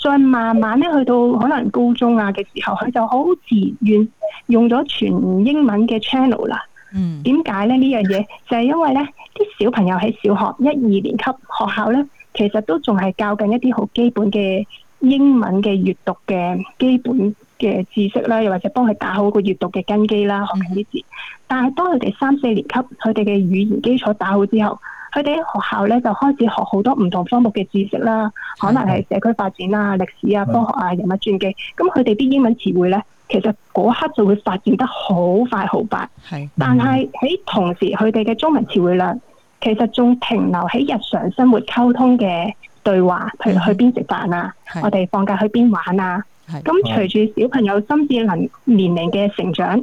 再慢慢咧，去到可能高中啊嘅時候，佢就好自願用咗全英文嘅 channel 啦。嗯，點解咧？呢樣嘢就係因為咧，啲小朋友喺小學一二年級學校咧，其實都仲係教緊一啲好基本嘅英文嘅閱讀嘅基本嘅知識啦，又或者幫佢打好個閱讀嘅根基啦，學緊啲字。嗯、但係當佢哋三四年級，佢哋嘅語言基礎打好之後。佢哋喺學校咧就開始學好多唔同科目嘅知識啦，可能係社區發展啊、歷史啊、科學啊、人物傳記，咁佢哋啲英文詞彙咧，其實嗰刻就會發展得好快好快。係，但係喺同時，佢哋嘅中文詞彙量其實仲停留喺日常生活溝通嘅對話，譬如去邊食飯啊，我哋放假去邊玩啊。咁係、嗯、隨住小朋友心智能年齡嘅成長。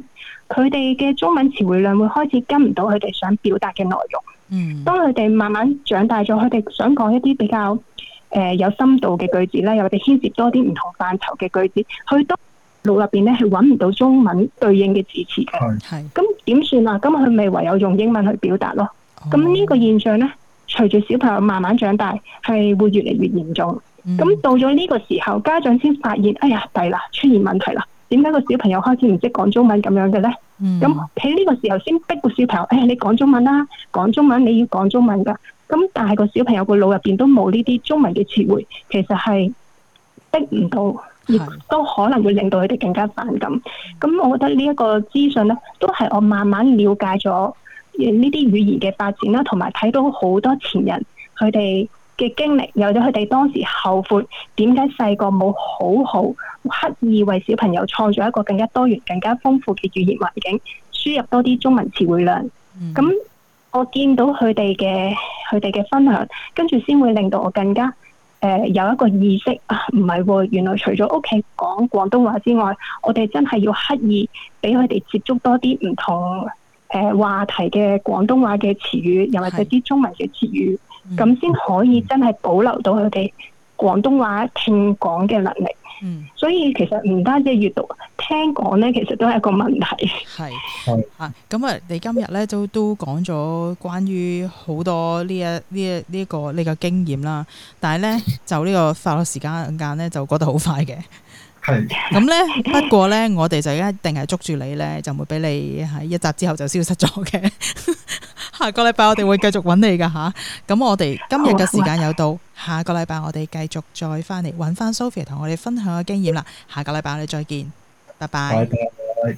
佢哋嘅中文詞彙量會開始跟唔到佢哋想表達嘅內容。嗯，當佢哋慢慢長大咗，佢哋想講一啲比較誒、呃、有深度嘅句子咧，又或者牽涉多啲唔同範疇嘅句子，佢當腦入邊咧係搵唔到中文對應嘅字詞嘅。係係，咁點算啊？咁佢咪唯有用英文去表達咯。咁呢、哦、個現象咧，隨住小朋友慢慢長大，係會越嚟越嚴重。咁、嗯、到咗呢個時候，家長先發現，哎呀，弊啦，出現問題啦。點解個小朋友開始唔識講中文咁樣嘅咧？咁喺呢個時候先逼個小朋友，誒、哎，你講中文啦，講中文你要講中文噶。咁但係個小朋友個腦入邊都冇呢啲中文嘅詞彙，其實係逼唔到，亦都可能會令到佢哋更加反感。咁是我覺得資訊呢一個資訊咧，都係我慢慢了解咗呢啲語言嘅發展啦，同埋睇到好多前人佢哋嘅經歷，又或者佢哋當時後悔點解細個冇好好。刻意為小朋友創造一個更加多元、更加豐富嘅語言環境，輸入多啲中文詞彙量。咁、嗯、我見到佢哋嘅佢哋嘅分享，跟住先會令到我更加誒、呃、有一個意識啊，唔係、哦，原來除咗屋企講廣東話之外，我哋真係要刻意俾佢哋接觸多啲唔同誒、呃、話題嘅廣東話嘅詞語，又或者啲中文嘅詞語，咁先、嗯、可以真係保留到佢哋廣東話聽講嘅能力。嗯，所以其實唔單止閱讀，聽講咧，其實都係一個問題。係是，吓咁是啊！你今日咧都都講咗關於好多呢一呢呢個呢個經驗啦，但係咧就呢個快樂時間間咧就過得好快嘅。係。咁咧，不過咧，我哋就一定係捉住你咧，就唔會俾你喺一集之後就消失咗嘅。 下個禮拜我哋會繼續揾你噶吓，咁、啊、我哋今日嘅時間有到，下個禮拜我哋繼續再返嚟揾翻 Sophie 同我哋分享個經驗啦。下個禮拜我哋再見，拜拜。拜拜。